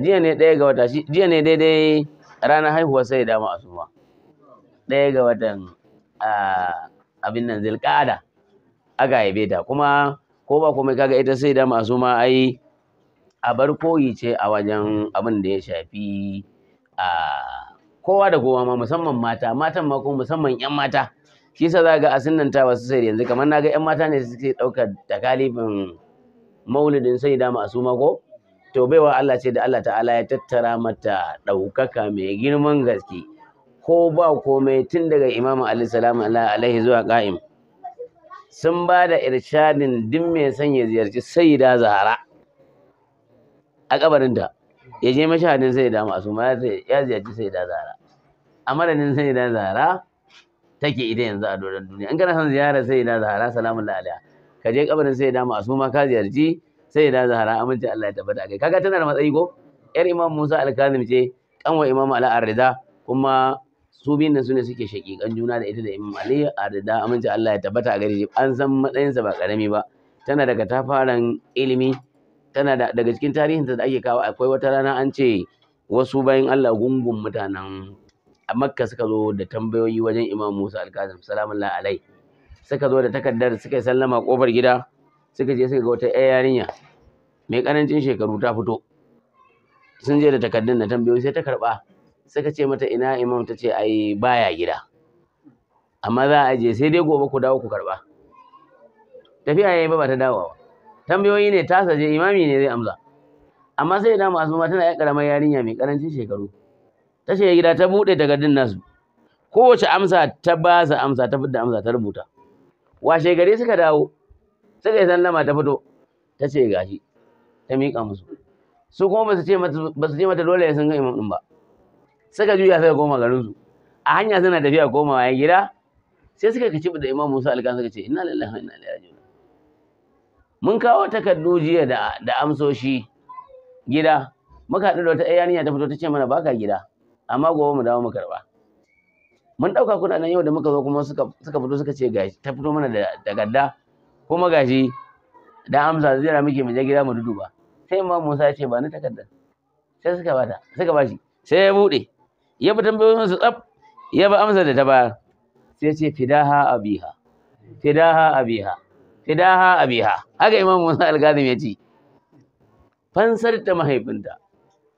jiya ne ɗaya ga wata jiya ne daidai ranar haihuwar sai dama asuba ɗaya ga watan abin nan zilƙada aka haife ta kuma ko ba komai kaga ita sai dama asuba ai a bar koyi ce a wajen abin da ya shafi a kowa da kowa ma musamman mata matan ma ko musamman 'yan mata shi sa za ga asinnanta wasu sai yanzu kamar na ga 'yan mata ne suke ɗaukar takalifin maulidin sai dama asuma ko to baiwa Allah ce da Allah ta'ala ya tattara mata ɗaukaka mai girman gaske ko ba komai tun daga imamu alaihi salamu alaihi zuwa ƙa'im sun ba da irshadin duk mai son ya ziyarci sayyida zahara a kabarinta ya je mashahadin sayyida masu ma ya ziyarci sayyida zahara a madadin sayyida zahara take ita yanzu a doron duniya in kana son ziyarar sayyida zahara salamu alaiha ka je kabarin sayyida masu ma ka ziyarci sai da zahara amince Allah ya tabbata kai kaga tana da matsayi ko yar imam Musa al-Kazim ce kanwa imam Ali Arida kuma su biyun nan sune suke shakikan juna da ita da imam Ali Arida amince Allah ya tabbata a gare shi an san matsayinsa ba karami ba tana daga tafaran ilimi tana daga cikin tarihinta da ake kawo akwai wata rana an ce wasu bayan Allah gungun mutanen a Makka suka zo da tambayoyi wajen Imam Musa Al-Kazim salamullahi alai suka zo da takardar suka sallama kofar gida suka je suka ga wata yarinya mai ƙarancin shekaru ta fito sun je da takardun na tambayoyi sai ta karɓa suka ce mata ina imam ta ce ai baya gida amma za a je sai dai gobe ku dawo ku karɓa tafiya yayi ba ba ta dawowa tambayoyi ne ta saje imami ne zai amsa amma sai da masu ma tana ya karamar yarinya mai ƙarancin shekaru ta shiga gida ta buɗe takardun nasu kowace amsa ta ba su amsa ta fidda amsa ta rubuta washe gare suka dawo suka yi sallama ta fito ta ce gashi ta miƙa musu su kuma ba su ce mata ba su ce mata dole sun ga imam din ba suka juya suka koma garin su a hanya suna tafiya komawa ya gida sai suka kaci da imam Musa alkan suka ce inna lillahi wa inna ilaihi raji'un mun kawo takardu jiya da da amsoshi gida muka haɗu da wata yarinya ta fito ta ce mana baka gida amma gobe mu dawo mu karba mun ɗauka kuɗaɗen yau da muka zo kuma suka suka fito suka ce gashi ta fito mana da takarda kuma gashi da amsa zai ra muke mu je gida mu duduba sai ma Musa ya ce ba ni takarda sai suka bata suka bashi sai ya bude ya bi tambayoyin su tsaf ya ba amsa da ta bayar sai ce fidaha abiha fidaha abiha fidaha abiha haka Imam Musa al-Ghazali ya ce fansar da mahaifinta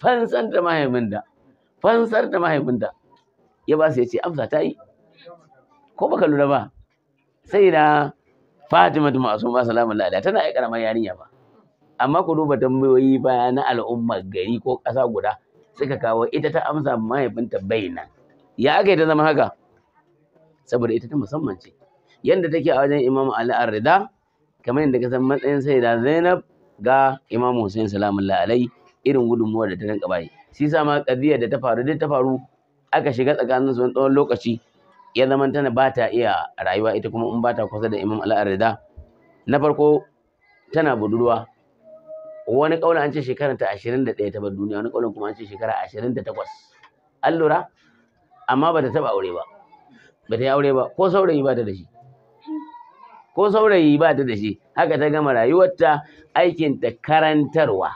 fansar da mahaifinta fansar da mahaifinta ya ba su ya ce amsa ta yi ko baka lura ba sai na Fatima Ma'asuma salamun alaiha tana ai karamar yarinya ba amma ku duba tambayoyi baya na al'ummar gari ko ƙasa guda suka kawo ita ta amsa mahaifinta bai nan ya aka ta zama haka saboda ita ta musamman ce yadda take a wajen imamu ali arida kamar yadda ka san matsayin saida zainab ga imamu hussein Salamun la'alai irin gudunmuwa da ta rinka bayi shi sa ma da ta faru duk ta faru aka shiga tsakanin su tsawon lokaci ya zama tana ba ta iya rayuwa ita kuma in ba ta kusa da imam ali arida na farko tana budurwa wani ƙaunar an ce shekarar ta 21 ta bar duniya wani ƙaunar kuma an ce shekara 28 an lura amma ba ta taba aure ba ba ta yi aure ba ko saurayi ba ta da shi ko saurayi ba ta da shi haka ta gama rayuwarta aikinta karantarwa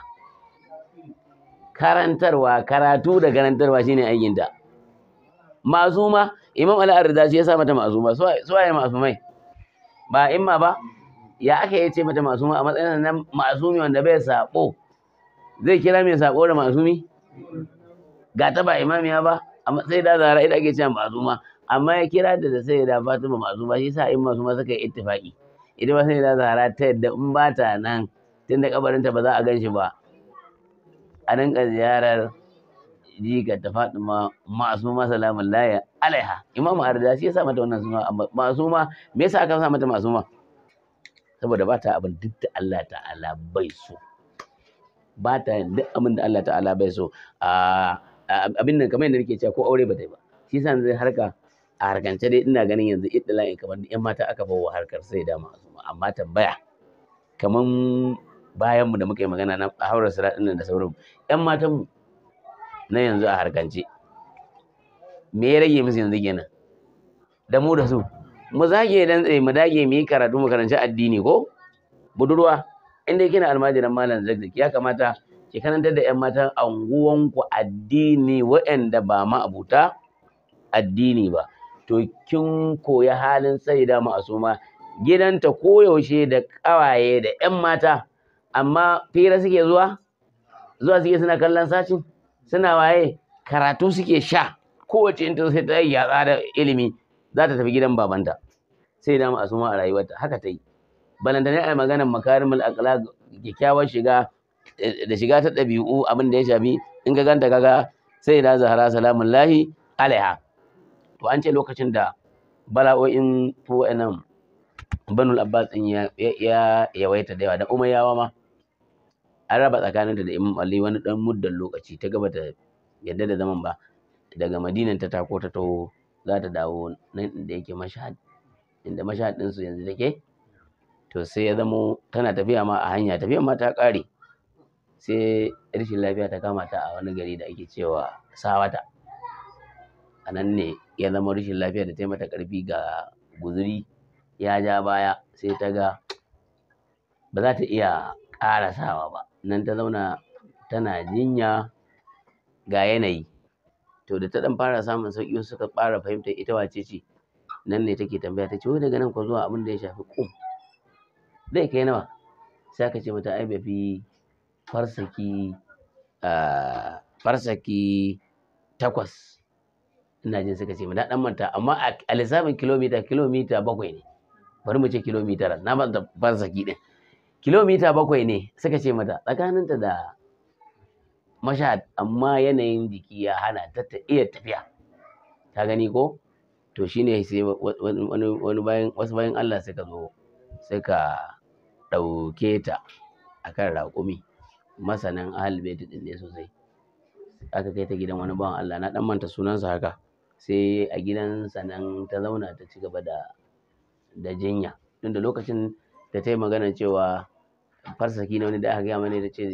karantarwa karatu da karantarwa shine aikinta mazuma imam al da shi ya sa mata mazuma suwaye mazumai ba imma ba ya aka yi ce mata masuma a matsayin na masumi wanda bai sako zai kira mai sako da masumi ga ta ba imamiya ba a matsayin da zara ita ake cewa masuma amma ya kira da da sai da Fatima masuma shi sa in masuma suka yi ittifaki ita ba sai da zara ta yadda in ba ta nan tunda kabarinta ba za a gan shi ba a rinka ziyarar ga ta Fatima masuma salamun laya alaiha imamu arda shi ya sa mata wannan suna masuma me yasa aka sa mata masuma saboda ba ta abin duk da Allah ta'ala bai so ba ta duk abin da Allah ta'ala bai so abin nan kamar yadda nake cewa ko aure ba ta yi ba shi yasa zai harka a harkance dai ina ganin yanzu iddala'in kamar yan mata aka bawa harkar sai dama amma tambaya kamar bayan mu da muka yi magana na haura sura din da sauran yan matan mu na yanzu a harkance me ya rage musu yanzu kenan da mu da su mu zage dan eh, mu dage mu yi karatu mu karanci addini ko budurwa inda kina almajiran malam zakzaki ya kamata ki karantar da yan matan anguwanku addini waɗanda ba ma abuta addini ba to kin koyi halin sai da ma'asuma gidanta koyaushe da kawaye da yan mata amma fira suke zuwa zuwa suke suna kallon sacin suna waye karatu suke sha kowace in ta sai ta yatsa da ilimi za ta tafi gidan babanta sai dama a suma a rayuwarta haka ta yi ne a maganar makarimul akhlaq kyakkyawar shiga eh, da shiga ta ɗabi'u abin da ya shafi in ka ganta kaga sai da zahara salamun lahi alaiha to an ce lokacin da bala'o'in ko nan banul abbas din ya yawaita da yawa da umayyawa ma an raba tsakaninta da imam ali wani dan muddan lokaci ta gaba ta yadda da zaman ba daga madinan ta tako ta taho za ta dawo nan inda yake mashahad inda mashahad ɗinsu yanzu take to sai ya zamo tana tafiya ma a hanya tafiya ma ta ƙare sai rashin lafiya ta kama ta a wani gari da ake cewa sawata a nan ne ya zama rashin lafiya da ta mata ƙarfi ga guzuri ya ja baya sai ta ga ba za ta iya ƙarasawa ba nan ta zauna tana jinya ga yanayi to da ta dan fara samun sauki wasu suka fara fahimtar ita wace ce nan ne take tambaya ta ce wai daga nan ku zuwa abin da ya shafi kum zai kai nawa sai aka ce mata ai bai fi farsaki farsaki takwas ina jin suka ce mata, dan manta amma a lissafin kilomita kilomita bakwai ne bari mu ce kilomita na ba da farsaki din kilomita bakwai ne suka ce mata tsakaninta da mashahad amma yanayin jiki ya hana ta ta iya tafiya ta gani ko to shine sai wani bayan wasu bayan Allah suka zo suka ɗauke ta akan raƙumi masanan ahal baiti din ne sosai aka kai ta gidan wani bawan Allah na dan manta sunansa haka sai a gidansa nan ta zauna ta ci gaba da da jinya tunda lokacin da ta yi magana cewa farsaki na wani da aka gaya ne ta ce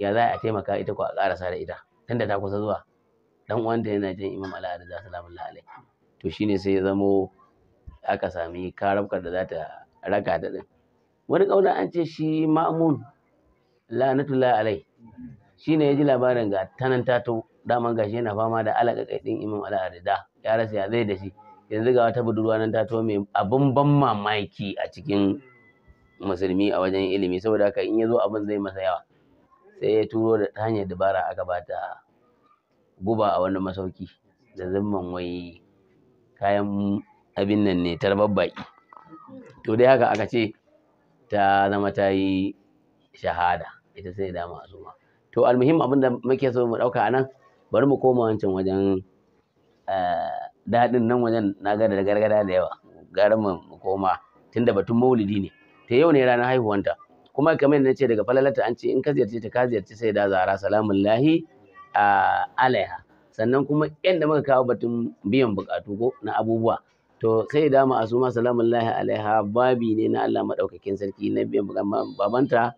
ya za a taimaka ita ko a karasa da ita tunda ta kusa zuwa dan uwanta yana jin imam ala da salamullahi alaihi to shine sai ya zamo aka sami karabkar da za ta raka ta din wani kauna an ce shi ma'mun la'natullahi alai shine ya ji labarin ga tanan tato daman gashi yana fama da alaka kai din imam ala da ya rasa ya zai da shi yanzu ga wata budurwa nan tato mai abin ban mamaki a cikin musulmi a wajen ilimi saboda haka in ya zo abin zai masa yawa sai ya turo da ta hanyar dabara aka bata guba a wani masauki da zimman wai kayan abin nan ne tarbar baki to dai haka aka ce ta zama ta yi shahada ita sai dama a suma to almuhim abin da muke so mu ɗauka anan bari mu koma wancan wajen eh, daɗin nan wajen na gada da gargada da yawa gara mu koma tunda batun maulidi ne ta yau ne ranar haihuwanta kuma kamar yadda ce daga falalata an ce in ka ziyarci ta ka ziyarci sai da zara salamun lahi alaiha sannan kuma yadda muka kawo batun biyan bukatu ko na abubuwa to sai da ma asuma salamun lahi alaiha babi ne na Allah madaukakin sarki na biyan bukatu babanta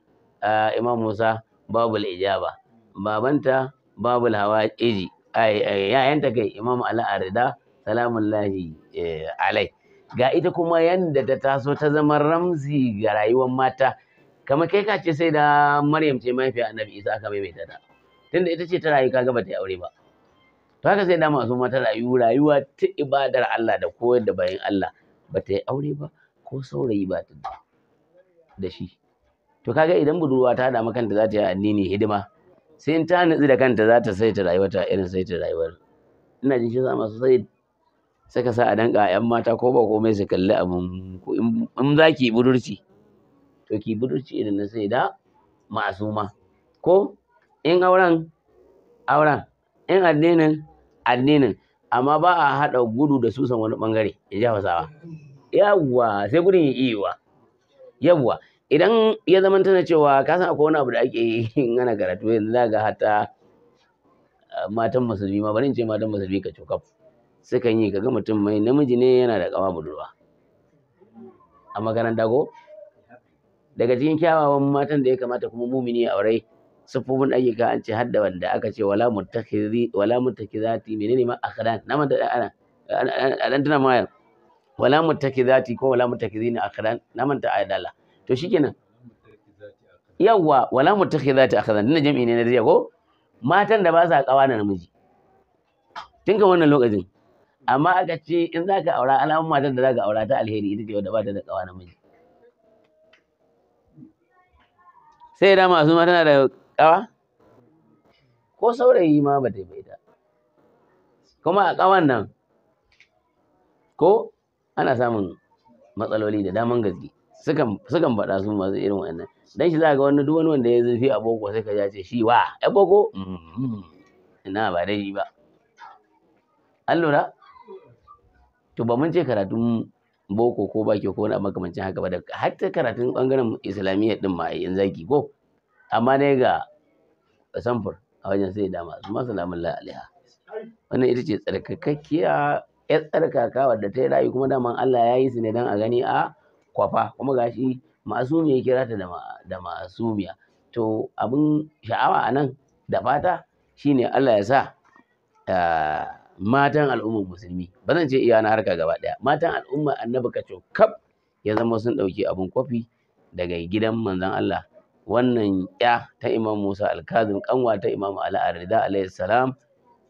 imam Musa babul ijaba babanta babul hawa iji yayanta kai imam ala arida salamun lahi eh, alai ga ita kuma yadda ta taso ta zama ramzi ga rayuwar mata kamar kai ka ce sai da Maryam ce mahaifiyar Annabi Isa aka maimaita ta tunda ita ce ta rayu kaga bata yi aure ba to haka sai da masu mata rayu rayuwa ta ibadar Allah da koyar da bayan Allah bata yi aure ba ko saurayi ba ta da shi to kaga idan budurwa ta da kanta za ta yi annini hidima sai in ta nutsu da kanta za ta saita ta irin saita rayuwar ina jin shi ma masu sai saka sa a danka 'yan mata ko ba komai su kalli abin in zaki budurci to budurci irin na sai da ma'asuma ko in auren auren in addinin addinin amma ba a haɗa gudu da susan wani ɓangare in ja hausawa yawwa sai gudun yi iwa yawwa idan ya zama tana cewa ka san akwai wani abu da ake yi in ana karatu yanzu za ga hata matan musulmi ma bari in ce matan musulmi ka cokaf sukan yi kaga mutum mai namiji ne yana da kama budurwa a makaranta ko daga cikin kyawawan matan da ya kamata kuma mumini ya aure siffofin ayyuka an ce hadda wanda aka ce wala muttakhizi wala muttakizati menene ma akhdan na manta ana dan tana mayar wala muttakizati ko wala muttakizina akhdan na manta Allah. to shikenan yawa wala muttakizati akhdan dinna jami'i ne na riya ko matan da ba sa kawa na namiji tun kan wannan lokacin amma aka ce in zaka aura alamun matan da zaka aura ta alheri ita ce wadda ba ta da kawa namiji sai da masu ma tana da kawa ko saurayi ma ba ta bai kuma a kawan nan ko ana samun matsaloli da daman gaske sukan sukan faɗa su masu irin wannan dan shi za ga wani duk wanda ya zurfi a boko sai ka ce shi wa ya boko mm-hmm. ina ba dai ba an lura to ba mun ce karatun boko ko baki ko wani makamancin haka ba da ta karatun bangaren islamiyya din ma yanzu zaki ko amma ne ga samfur a wajen sai dama su ma salamun la alaiha wannan ita ce tsarkakakkiya ya tsarkaka wadda ta yi rayu kuma daman Allah ya yi su ne dan a gani a kwafa kuma gashi ma'asumi ya kira ta da miya to abin sha'awa a nan da fata shine Allah ya sa eh, matan al'ummar musulmi ba zan ce iya na harka gaba ɗaya matan al'ummar annabi kaco kaf ya zama sun ɗauki abun kofi daga gidan manzon Allah wannan ya ta imam Musa alkazim kanwa ta imam Ali Arida alayhi salam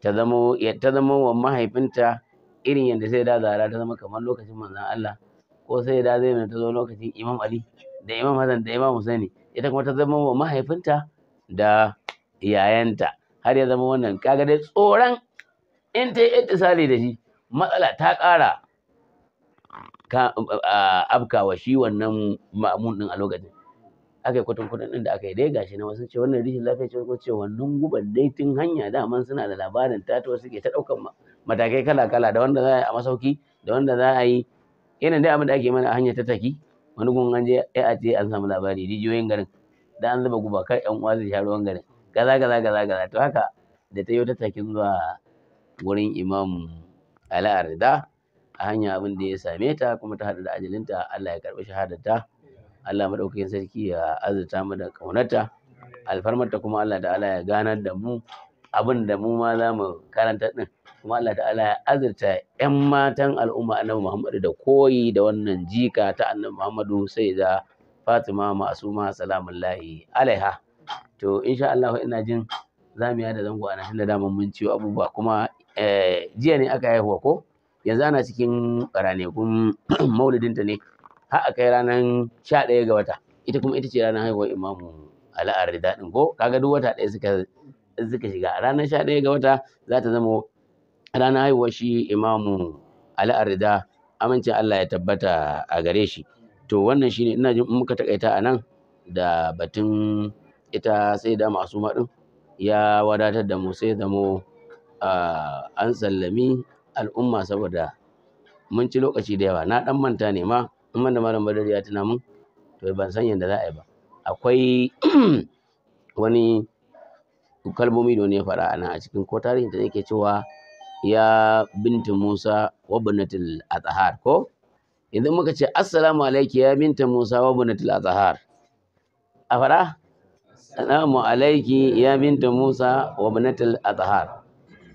ta zama ta zama wa mahaifinta irin yadda sai da zara ta zama kamar lokacin manzon Allah ko sai da zai ta zo lokacin Imam Ali da Imam Hassan da Imam Husaini ita kuma ta zama wa mahaifinta da yayanta har ya zama wannan kaga dai tsoron in ta yi intisali da shi matsala ta ƙara afkawa shi wannan ma'amun din a lokacin aka yi kwatan kwatan din da aka yi dai gashi na wasu ce wannan rishin lafiya ce ko ce wannan guban dai hanya hanya man suna da labarin ta to suke ta ɗaukan matakai kala kala da wanda za a yi a masauki da wanda za a yi yanayin dai abin da ake mana a hanyar ta taki wani gun an je a ce an samu labari rijiyoyin garin da an zuba guba kar yan uwa su sha ruwan garin Gaza-gaza-gaza to haka da ta yi ta takin zuwa wurin imam ali arda a hanya abin da ya same ta kuma ta hada da ajalinta allah ya karɓi shahadarta allah madaukakin sarki ya azurta mu da alfarmar ta kuma allah ta'ala ya ganar da mu abin da mu ma za mu karanta ɗin kuma allah ta'ala ya azurta 'yan matan al'umma annabi muhammadu da koyi da wannan jika ta annabi muhammadu sai da fatima Ma'asuma salamullahi alaiha to insha allah ina jin za mu yada zango a nan da mun ciwo abubuwa kuma Eh, jiya ne aka haihuwa ko yanzu ana cikin ranakun maulidinta ne har a kai ranar sha ɗaya ga wata ita kuma ita ce ranar haihuwar imamu ala'ar rida ɗin ko kaga duk wata ɗaya suka suka shiga ranar sha ga wata za ta zama ranar haihuwar shi imamu ala'ar da amincin Allah ya tabbata a gare shi to wannan shine ina jin muka takaita a nan da batun ita sai da masu maɗin ya wadatar da mu sai zamo an sallami al'umma saboda mun ci lokaci da yawa na dan manta ne ma in da malam badar ya tuna mun to ban san yadda za a yi ba akwai wani kalmomi da wani ya faɗa ana a cikin ko tarihin da yake cewa ya binta Musa wa banatul azhar ko yanzu muka ce assalamu alayki ya binta Musa wa banatul azhar a fara assalamu alayki ya binta Musa wa banatul azhar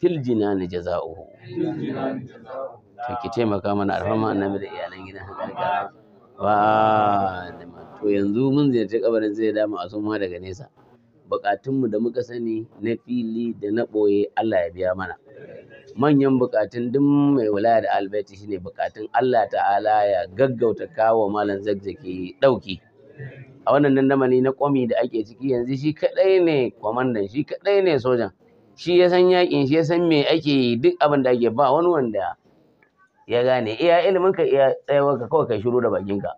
fil jinani jaza'uhu to ki taimaka mana alfama annabi da iyalan gidan haka wa to yanzu mun ziyarci kabarin zai dama a suma daga nesa bukatunmu da muka sani na fili da na ɓoye Allah ya biya mana manyan bukatun duk mai wilaya da albaiti shine bukatun Allah ta'ala ya gaggauta kawo malam zazzaki ɗauki a wannan dandamali na kwami da ake ciki yanzu shi kadai ne kwamandan shi kadai ne sojan shi ya san yakin shi ya san me ake yi duk abin da ake ba wani wanda ya gane iya ilimin ka iya tsayawar ka kawai kai shiru da bakin ka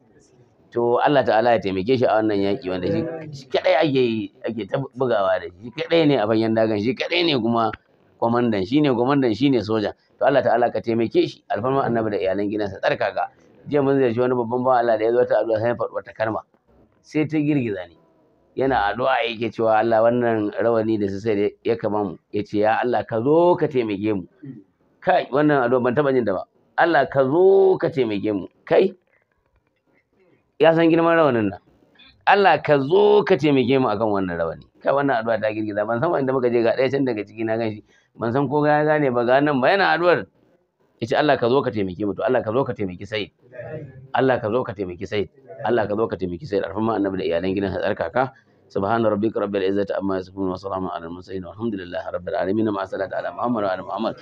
to Allah ta'ala ya taimake shi a wannan yaki wanda shi kadai ake yi ake ta bugawa da shi kadai ne a fagen dagan shi kadai ne kuma kwamandan shi ne kwamandan shi ne sojan to Allah ta'ala ka taimake shi alfarma annabi da iyalan gidansa tsarkaka jiya mun ziyarci wani babban bawan Allah da ya zo ta addu'a sai faɗi wata kalma sai ta girgiza ni yana addu'a yake cewa Allah wannan rawani da sai ya kama mu yace ya Allah ka zo ka taimake mu kai wannan addu'a ban taba jin da ba Allah ka zo ka taimake mu kai ya san girman rawanin nan Allah ka zo ka taimake mu akan wannan rawani kai wannan addu'a ta girgiza ban san wanda muka je ga ɗaya can daga ciki na ganshi ban san ko ga ya gane ba ga nan ba yana addu'ar yace Allah ka zo ka taimake mu to Allah ka zo ka taimake sai Allah ka zo ka taimake sai Allah ka zo ka taimaki sai alfan ma annabi da iyalan gidan hadar kaka subhana rabbika rabbil izzati amma yasifun wa salamun ala al-mursalin walhamdulillahi rabbil alamin ma sallata ala muhammad